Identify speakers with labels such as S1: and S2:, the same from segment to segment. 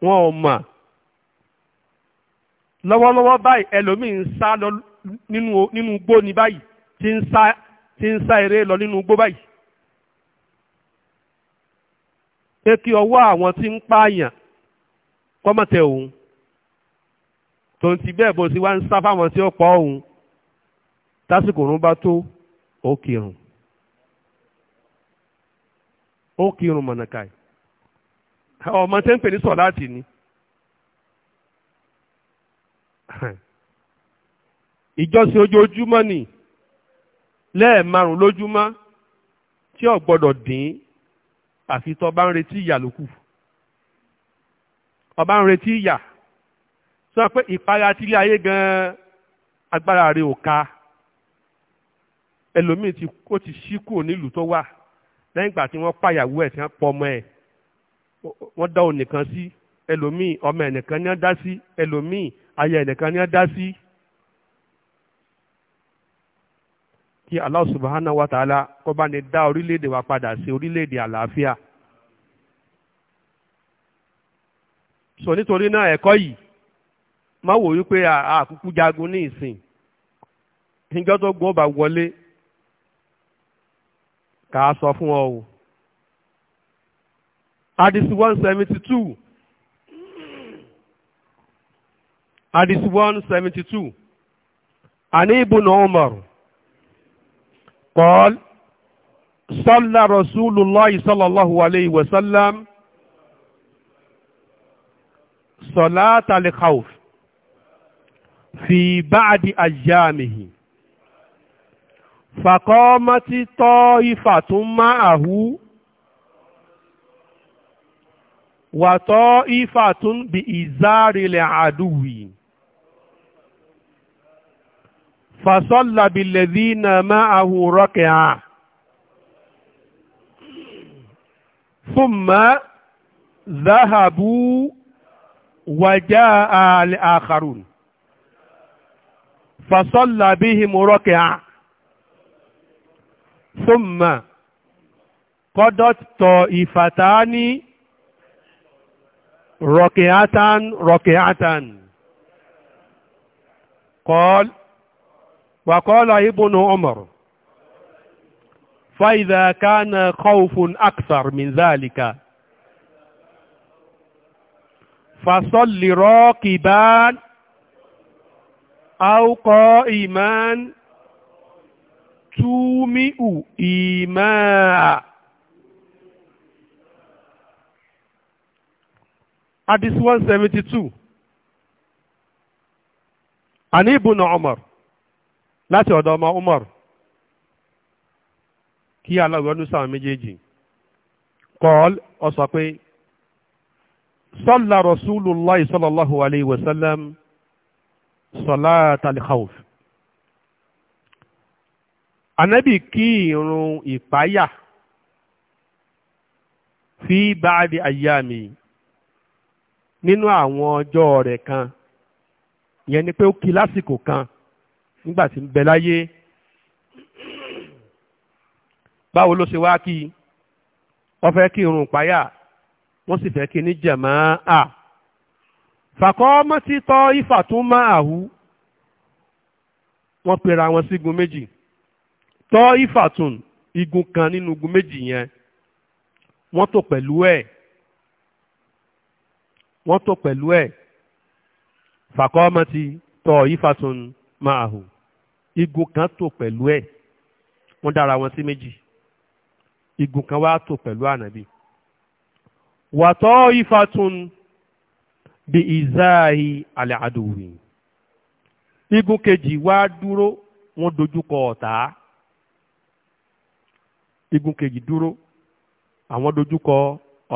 S1: wọn ò mọ̀ lọ́wọ́lọ́wọ́ báyìí ẹlòmíì ń sá lọ nínú igbó ni báyìí tí ń sá tí ń sá eré lọ nínú igbó báyìí. pé kí ọwọ́ àwọn tí ń pààyàn kọ́mọ̀tẹ̀ òun tó ń ti bẹ́ẹ̀ bó ti wá ń sá fáwọn tí ó pọ̀ òun tásìkò òun bá tó ó kírun ó kírun mọ̀nàkàì ọmọ tẹ́ ń pè ní sọ̀láàtì ni ìjọsìn ojoojúmọ́ ni lẹ́ẹ̀márùn lójúmọ́ tí ò gbọ́dọ̀ dín àfi tó bá ń retí ìyà lókù ọba ń retí ìyà sọ pé ìpayà tílé ayé gan agbára rẹ̀ ò ka ẹlòmíì tí ó ti ṣí kúrò nílùú tó wà lẹ́yìn ìgbà tí wọ́n pàyàwó ẹ̀ tí wọ́n pọ̀ ọmọ ẹ̀ wọ́n dá ònìkan sí ẹlòmíì ọmọ ẹnìkan ní wọ́n dá sí ẹlòmíì aya ẹnìkan ní wọ́n dá sí. kí Allah subhanahu wa ta'ala kó bá ní dá orílẹ̀-èdè wa padà sí orílẹ̀-èdè àlàáfíà. sọ nítorí náà ẹ̀kọ́ yìí má wò wípé àkúkú jagun ní ìsìn níjọ́ tó gbọ́n bá wọlé kà á sọ fún ọ o hadith 172، seventy 172. hadith one seventy two ibn umar qal صلى رسول الله صلى الله عليه وسلم صلاة الخوف في بعد أيامه فقامت طائفة معه وطائفة بإزار العدو فصلى بالذين معه ركعة ثم ذهبوا وجاء الآخرون فصلى بهم ركعة ثم قضت طائفتان ركعة ركعة قال وقال ابن عمر فإذا كان خوف أكثر من ذلك فصل راكبا أو قائما تومئ إيماء hadith one seventy two àní ibùnà Umar láti ọ̀dọ̀ ọmọ Umar kí aláwọ̀nú sáwọn méjèèjì kọ́ọ̀l ó sọ pé sọ́lá Rasulullah sallallahu alayhi wa sallam salatal khawf ànábì kí ìrun ìpáyà fi báàdì ayyami nínú àwọn ọjọ́ rẹ̀ kan ìyẹn ni pé ó kí lásìkò kan nígbà tí ń bẹ láyé báwo ló ṣe wá kí wọ́n fẹ́ kí irun páyà wọ́n sì fẹ́ kí ní jẹ̀mọ́ à fàkọ́ mọ́títọ́ ifà tún máa àhú wọ́n pera wọn sígun méjì tọ́ ifà igun kan nínú igun méjì yẹn wọ́n tò pẹ̀lú ẹ̀ wọ́n tó pẹ̀lú ẹ̀ fàkọ́mọ́tì tọ̀ ìfàtún máa hù igun kan tó pẹ̀lú ẹ̀ wọ́n dára wọn sí méjì igun kan wá tó pẹ̀lú ànábì wàtọ́ ìfàtún bí ìzáàhì alẹ́ àdùwì igun kejì wá dúró wọ́n dojúkọ ọ̀tá igun kejì dúró àwọn dojúkọ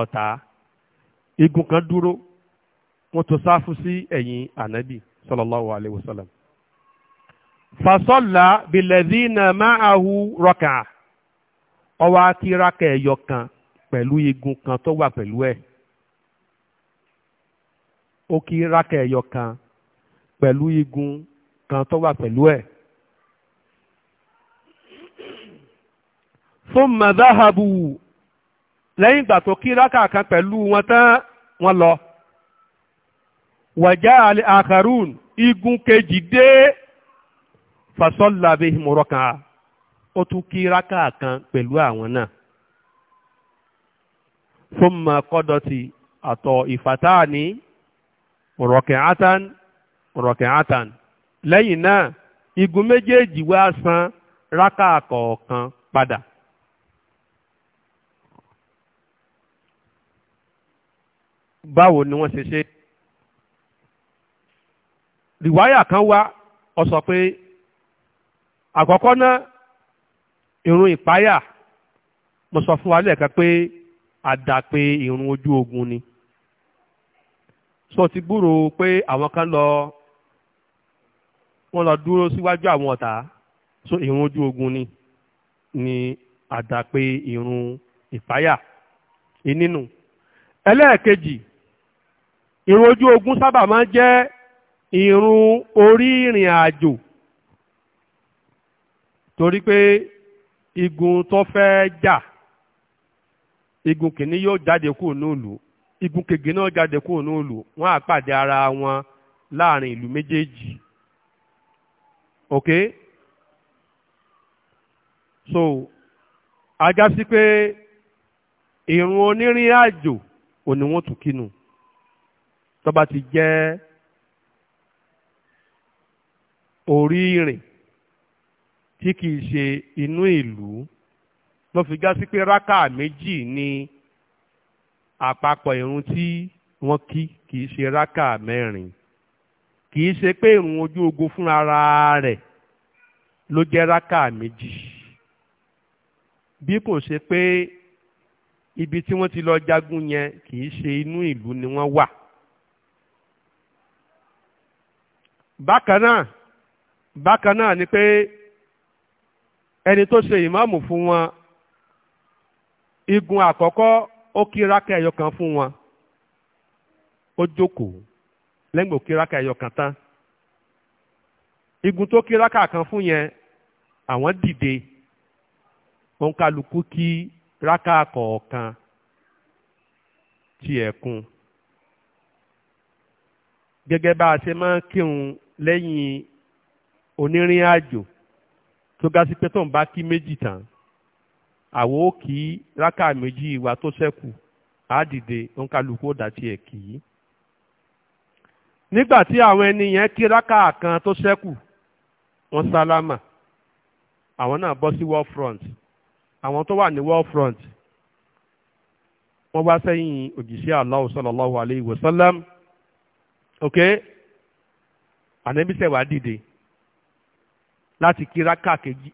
S1: ọ̀tá igun kan dúró wọ́n tó sáfù sí ẹ̀yìn ànábì sallallahu alayhi wa sallam. fasọ́là billadhina ma'ahu rọ́kà ọwọ́ akíraka ẹ̀yọ kan pẹ̀lú igun kan tó wà pẹ̀lú ẹ̀ ó kí raka ẹ̀yọ kan pẹ̀lú igun kan tó wà pẹ̀lú ẹ̀. thumma dhahabu lẹ́yìn ìgbà tó kí raka kan pẹ̀lú wọn tán wọ́n lọ wàjá àlẹ́ àkàrún igun kejì dé fasọ́lá bíi mọ̀rọ́kàn ó tún kí rákà kan pẹ̀lú àwọn náà fún ma kọ́dọ̀ ti àtọ̀ ìfàtáà ní rọ̀kẹ̀átán rọ̀kẹ̀átán lẹ́yìn náà igun méjèèjì wá san rákà kọ̀ọ̀kan padà. báwo ni wọ́n ṣe ṣe Riwaya kan wá ó sọ pé àkọ́kọ́ náà ìrun ìpáyà mo sọ fún wa lẹ́ẹ̀kan pé àdàpé ìrun ojú ogun ni sọ ti gbúrò pé àwọn kan lọ wọ́n lọ dúró síwájú àwọn ọ̀tá so ìrun ojú ogun ni ni àdàpé ìrun ìpáyà ìnínú ẹlẹ́ẹ̀kejì ìrun ojú ogun sábà máa ń jẹ́ ìrun orí ìrìn àjò torí pé igun tó fẹ́ jà igun kìíní yóò jáde kúrò nílùú igun kejì náà jáde kúrò nílùú wọn á pàdé ara wọn láàrin ìlú méjèèjì ok so ajá sí pé ìrun onírìn àjò òní wọn tún kínú tó bá ti jẹ́ orí ìrìn tí kìí ṣe inú ìlú ló fi já sí pé rákà méjì ni àpapọ̀ ìrun tí wọ́n kí kìí ṣe rákà mẹ́rin kìí ṣe pé ìrun ojú ogun fúnra rẹ̀ ló jẹ́ rákà méjì bí kò ṣe pé ibi tí wọ́n ti lọ jagun yẹn kìí ṣe inú ìlú ni wọ́n wà. bákan náà bákan náà ni pé ẹni tó ṣe ìmáàmù fún wọn igun àkọ́kọ́ ó kí rákà ẹyọ kan fún wọn ó jókòó lẹ́gbẹ̀ẹ́ ó kí rákà ẹyọ kan tán igun tó kí rákà kan fún yẹn àwọn dìde òǹkàlùkù kí rákà kọ̀ọ̀kan ti ẹ̀kún gẹ́gẹ́ bá a ṣe máa ń kírun lẹ́yìn onírìn àjò tó ga sí pé tó ń bá kí méjì tán àwo ó kí rákà méjì wa tó ṣẹ́kù á dìde òǹkàlùkù ó dàtí ẹ̀ kì í. nígbà tí àwọn ẹni yẹn kí rákà kan tó ṣẹ́kù wọ́n sálámà àwọn náà bọ́ sí wall front àwọn tó wà ní wall front wọ́n bá sẹ́yìn òjìṣẹ́ Allah sallallahu alayhi wa sallam ok ànẹ́bísẹ̀ wá dìde láti kí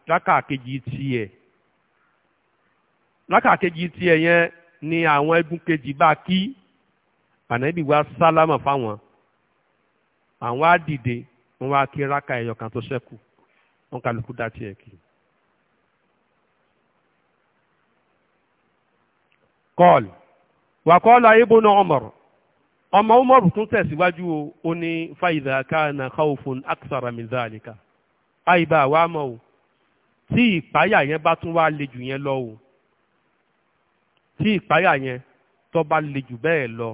S1: rákàkejì tiẹ̀ rákàkejì tiẹ̀ yẹn ni àwọn ẹgbùn kejì bá kí ànábì wa sálámà fáwọn àwọn á dìde wọn wá kí rákà ẹyọ kan tó ṣẹ́kù wọn kálukú dá tiẹ̀ kí. kọ́ọ̀lù wàkọ́ọ̀lá ibùnà ọmọrù ọmọ ọmọrù tún tẹ̀síwájú o ní fàyídà káàna káwòfún aksara mizalika àìbá wa mọ̀ o tí ìpáyà yẹn bá tún wá le jù yẹn lọ o tí ìpáyà yẹn tó bá le jù bẹ́ẹ̀ lọ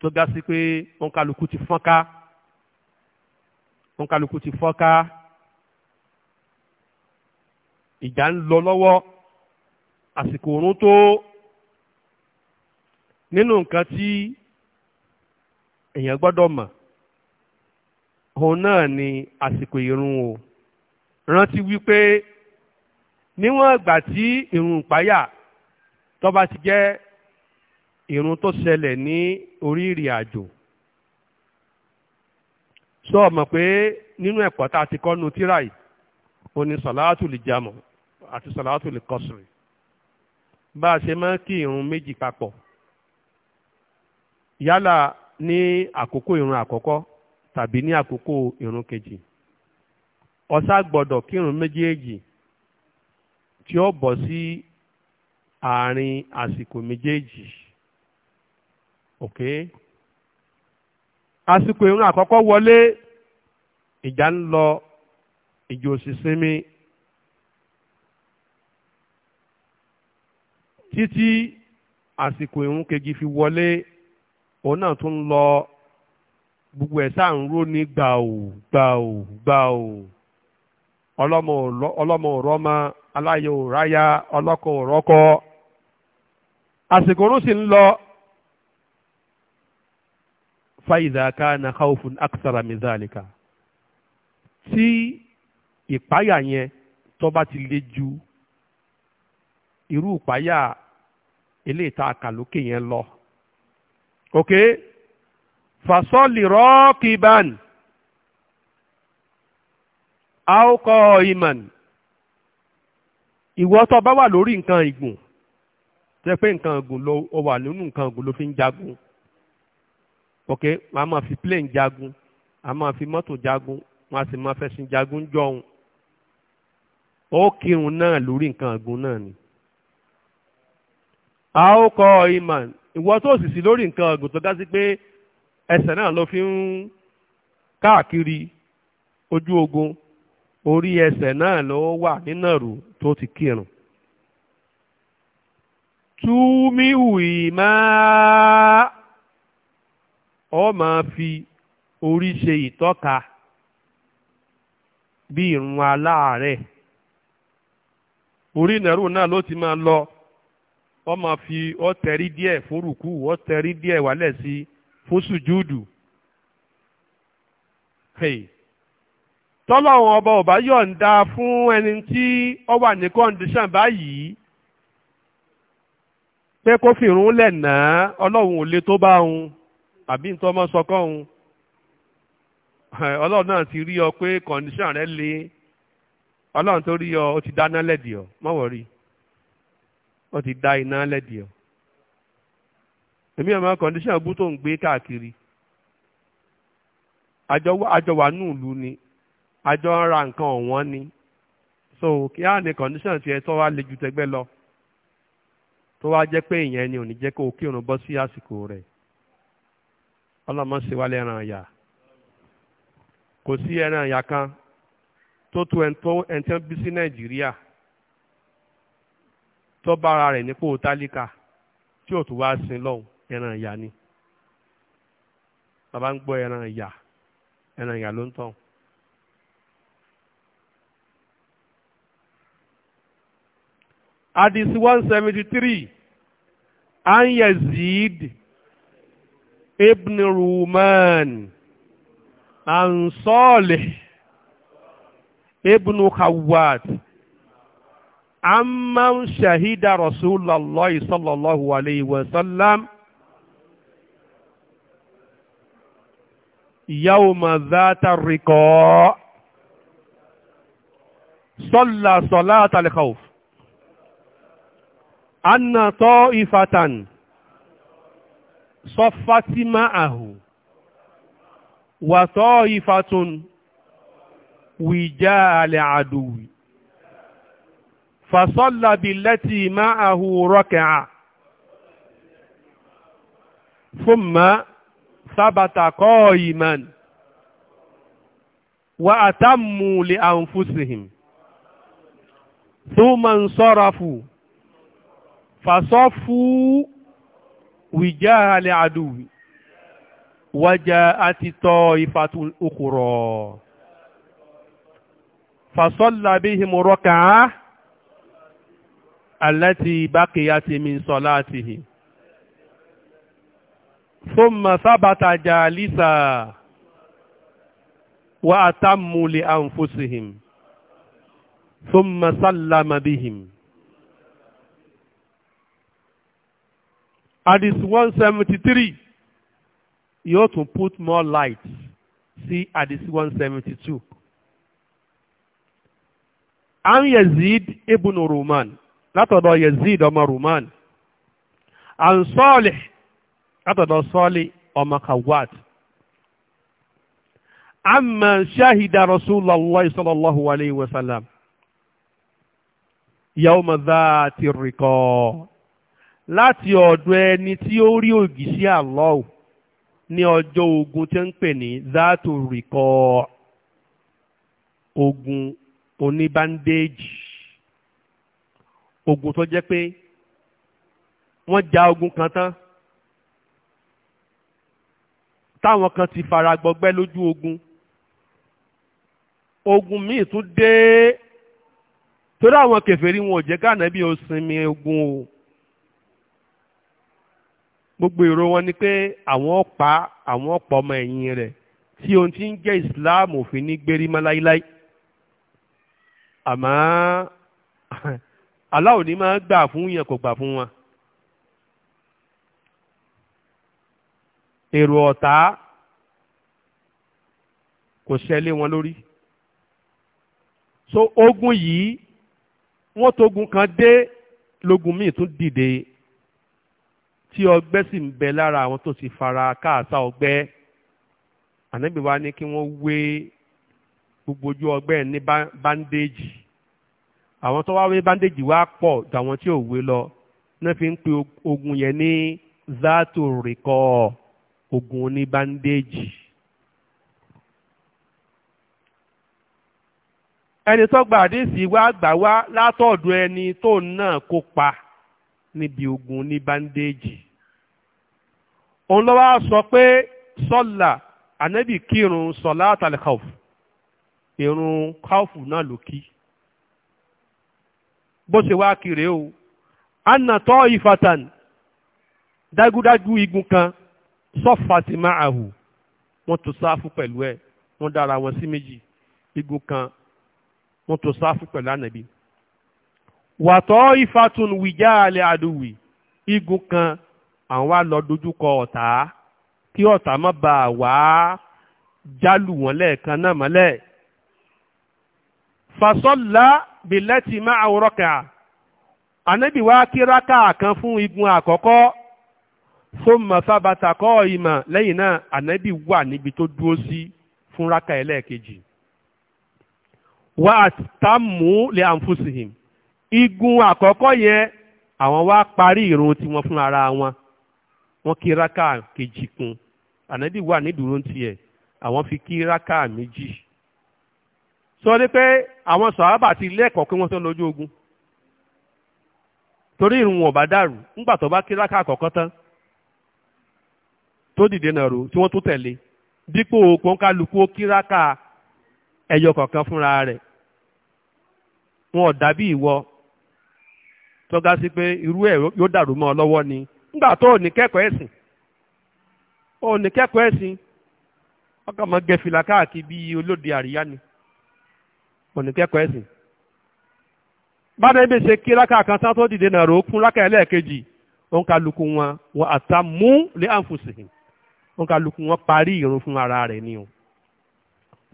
S1: tó ga sí pé òǹkàlùkù ti fọ́nká òǹkàlùkù ti fọ́nká ìjà ń lọ lọ́wọ́ àsìkò òrùn tó nínú nǹkan tí èèyàn gbọ́dọ̀ mọ̀ òun náà ni àsìkò ìrun o rántí wípé níwọ̀n ìgbà tí ìrùn ìpáyà tó bá ti jẹ́ ìrùn tó ṣẹlẹ̀ ní orí ìrìn àjò sọ ọmọ pé nínú ẹ̀kọ́ tá a ti kọ́ nu tíra yìí ó ní sọ̀láàtù lè jamọ̀ àti sọ̀láàtù lè kọ́sùrì bá a ṣe máa ń kí ìrun méjì papọ̀ yálà ní àkókò ìrun àkọ́kọ́ tàbí ní àkókò ìrun kejì ọ̀sá gbọ́dọ̀ kírun méjèèjì tí ó bọ̀ sí àárín àsìkò méjèèjì ok àsìkò ìrun àkọ́kọ́ wọlé ìjà ń lọ ìjò òsìsinmi títí àsìkò ìrun kejì fi wọlé òun náà tún lọ gbogbo ẹ̀ sáà ń ró ní gbàù gbàù gbàù. ọlọ́mọ ma aláyọ̀ òráyà ọlọ́kọ̀ òrọ́kọ àsìkò òrùn sì ń lọ fàyìdà kana khawfun akthara min zalika tí ìpáyà yẹn tó bá ti le ju irú ìpáyà eléyìí tá a kà lókè yẹn lọ ok fasọ́lì rọ́ọ̀kì báyìí. àókọ ìmàn ìwọ tó bá wà lórí nǹkan ìgùn tẹ pé nǹkan ìgùn ló wà nínú nǹkan ìgùn ló fi ń jagun ok wọn a máa fi plane jagun a máa fi mọ́tò jagun wọn a sì máa fẹ̀sìn jagun jọ̀hún ó kírun náà lórí nǹkan ìgùn náà ni àókọ ìmàn ìwọ tó sì sí lórí nǹkan ìgùn tó dá pé ẹsẹ̀ náà ló fi ń káàkiri ojú ogun orí ẹsẹ̀ náà ló wà nínàró tó ti kírun túmíwù ìmá ọ máa fi orí ṣe ìtọ́ka bí rùn aláàárẹ̀ orí ìnàró náà ló ti máa lọ ọ máa fi ọ tẹ̀rí díẹ̀ fórùkù ọ tẹ̀rí díẹ̀ wálẹ̀ sí tọ́lọ́run ọba ọba bá yọ̀ǹda fún ẹni tí ọ wà ní kọ́ndíṣàn báyìí pé kó fìrún lẹ̀ náà ọlọ́run ò lè tó bá òun àbí nítorí ọmọ sọkọ́ òun ọlọ́run náà ti rí ọ pé kọ́ndíṣàn rẹ le ọlọ́run tó rí ọ ó ti dáná lẹ́dí ọ mọ̀wọ́ rí ó ti dá iná lẹ́dí ọ èmi ọmọ kọ́ndíṣàn bú tó ń gbé káàkiri àjọ wà nù ìlú ni àjọ ra nǹkan ni so kí á ní condition tiẹ̀ tó le ju tẹgbẹ́ lọ tó wá jẹ́ pé ìyẹn ni ò ní jẹ́ kó o kírun bọ́ sí àsìkò rẹ̀ ọlọ́mọ kò sí ẹran àyà kan tó tu ẹni tó ń bí sí Nàìjíríà tó bára rẹ̀ nípò tálíkà tí ò wá sin lọ́hùn ẹran àyà ni bàbá ń gbọ́ ẹran àyà ẹran àyà hadith one seventy three an yazid ibn ruman an salih ibn khawat amman shahida rasulallah sallallahu alayhi wa sallam yawma dhata riqa صلى صلاة الخوف أن طائفة صفت معه وطائفة وجاء لعدو فصلى بالتي معه ركع ثم ثبت قائما وأتموا لأنفسهم ثم انصرفوا fasọ́fù wìjà alẹ́ àdùwì wájà àti tọ́ ìfàtú òkúrọ̀ fasọ́lá bí himurọ́kà alẹ́tì bákìyà ti mi sọ láti hì ثم ثبت جالسا وأتموا لأنفسهم ثم سلم بهم At this 173, you ought to put more light See, at this 172. two. yazid ibn ruman látọ̀dọ̀ yazid ọmọ ruman an sọ́ọ̀lì látọ̀dọ̀ Salih ọmọ kawat amma shahida rasulallah sallallahu alayhi wa sallam yawma dhati riqa láti ọ̀dọ̀ ẹni tí ó rí ògìṣẹ́ Allah ní ọjọ́ ogun tí ń pè ní zaato rikọ́ ogun oníbándéèjì ogun tó jẹ́ pé wọ́n ja ogun kan tán táwọn kan ti fara gbọgbẹ́ lójú ogun ogun míì tún dé torí àwọn kèfèrí wọn ò jẹ́ káànábì ó sinmi ogun o gbogbo èrò wọn ni pé àwọn pa àwọn ọ̀pọ̀ ọmọ ẹ̀yìn rẹ̀ tí ohun tí ń jẹ́ Islam òfin ní gbérí mọ́ láíláí àmọ́ aláwo ni máa gbà fún yẹn kò gbà fún wọn. èrò ọ̀tá kò ṣẹlẹ̀ wọn lórí so ogun yìí wọ́n tógun kan dé lógun míì tún dìde tí ọgbẹ́ sì ń bẹ lára àwọn tó ti fara káàsá ọgbẹ́ ànábì wa ní kí wọ́n wé gbogbo ojú ọgbẹ́ ní báńdéèjì àwọn tó wá wé báńdéèjì wá pọ̀ dàwọn tí ò wé lọ náà fi ń pe ogun yẹn ní zato rìkọ́ ogun oní báńdéèjì. ẹni tó gba àdéhìsí wá gbà wá látọ̀dọ̀ ẹni tó náà kópa níbi ogun ní báńdéèjì òun ló wá sọ pé sọ́là ànábì kírun sọ̀lá àtàlẹ́kàwù ìrun káwùfù náà ló kí bó ṣe wá kiri o anatọ́ ifatan dágúdájú igun kan sọ́fàtìmá àhù wọ́n tó sáfù pẹ̀lú ẹ̀ wọ́n dára wọn sí méjì igun kan wọ́n tó sáfù pẹ̀lú ànábì wàtọ́ ifatun wìjà alẹ́ àdúwì igun kan àwọn wá lọ dojúkọ ọ̀tá kí ọ̀tá má bà wá jálù wọn lẹ́ẹ̀kan náà mọ́lẹ̀. fasọ́lá bìlẹ́tì máa àwòrọ́kà ànábì wá kí rákà kan fún igun àkọ́kọ́ fún mọ̀sábàtà kọ́ ìmọ̀ lẹ́yìn náà ànábì wà níbi tó dúró sí fún rákà ẹlẹ́ẹ̀kejì wá àtàmú lè àǹfùsìhìn igun àkọ́kọ́ yẹn àwọn wá parí ìrun tiwọn fún ara wọn. wọn kí rákà kejì kún ànábì wà nídùúró fi kí rákà méjì sọ ni pé àwọn ti lẹ́kọ̀ọ́ pé wọ́n sọ lójú ogun torí wọn dàrú ńgbà tó bá kí rákà àkọ́kọ́ tán tó dìde náà rò tí wọ́n tó tẹ̀lé dípò kọ́ńkálukú kí rákà kọ̀ọ̀kan fúnra rẹ̀ wọn ò dàbí ìwọ sí pé irú ẹ̀ ni nígbà tó ò ní kẹ́kọ̀ọ́ ẹ̀sìn ò ní kẹ́kọ̀ọ́ ẹ̀sìn ọkọ̀ ọmọ gẹ̀fìlà káàkiri bíi olóde àríyá ni ò ní kẹ́kọ̀ọ́ ẹ̀sìn bára ibi ṣe kí lákà kan tán tó dìde náà rò kún lákà ẹlẹ́ẹ̀kejì òun kálukú wọn wọn àtà mú lé àǹfùsì òun kálukú wọn parí ìrun fún ara rẹ̀ ni o.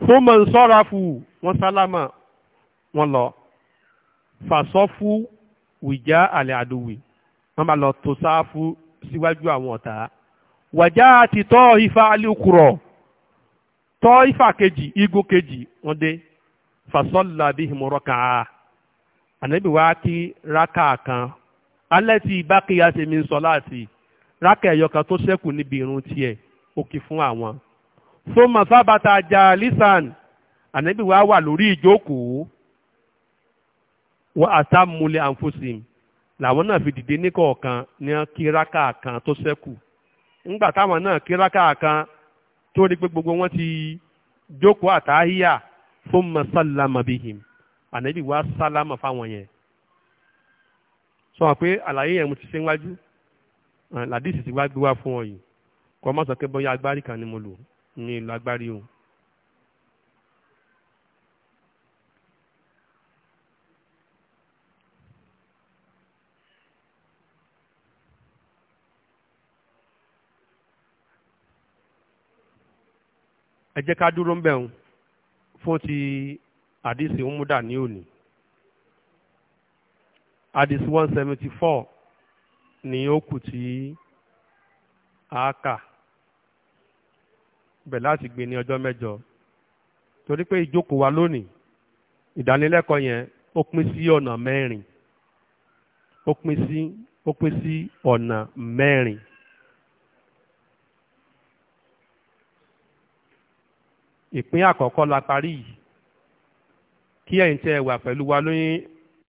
S1: fún mọ̀ ń sọ́ra fù wọ́n sálámà wọ́n lọ fàṣọ́fù wìjà àlẹ́ àdúwì wọ́n bá lọ tó sáfù síwájú àwọn ọ̀tá wàjá àti tọ́ ifá alukurọ̀ tọ́ ifá kejì igbó kejì wọ́n dé fasọ́lá bí himorọ́kà ànábì wá kí rákà kan alẹ́ tí bákìyà ṣe mi sọ láti rákà ẹ̀yọ tó ṣẹ́kù níbi irun tiẹ̀ ó kì fún àwọn. fún masábàtà jalisan ànábì wá wà lórí ìjókòó wọ́n àtàmúlẹ̀ àǹfọ̀sìn làwọn náà fi dìde ní kọ̀ọ̀kan ní kíráka kan tó ṣẹ́kù ńgbà táwọn náà kíráka kan tó rí pé gbogbo wọn ti jókòó àtàhíyà fún masálàmà bihim ànábì wá sálámà fáwọn yẹn sọ pé àlàyé yẹn mo ti ṣe wájú làdísì ti wá gbé wá fún ọ yìí kọ́ má sọ pé bóyá agbárí kan ni mo lò ní ìlú agbárí o. ẹ jẹ́ ká dúró ń bẹ̀rùn fún ti àdìsí umuda ní òní àdìsí one seventy four ní ó kù tí a kà bẹ̀ láti gbé ní ọjọ́ mẹ́jọ torí pé ìjókòó wa lónìí ìdánilẹ́kọ̀ọ́ yẹn ó pín sí ọ̀nà mẹ́rin ó pín sí ó pín sí ọ̀nà mẹ́rin. ìpín àkọ́kọ́ la parí yìí kí ẹ̀yin tẹ́ ẹ wà pẹ̀lú wa lóyún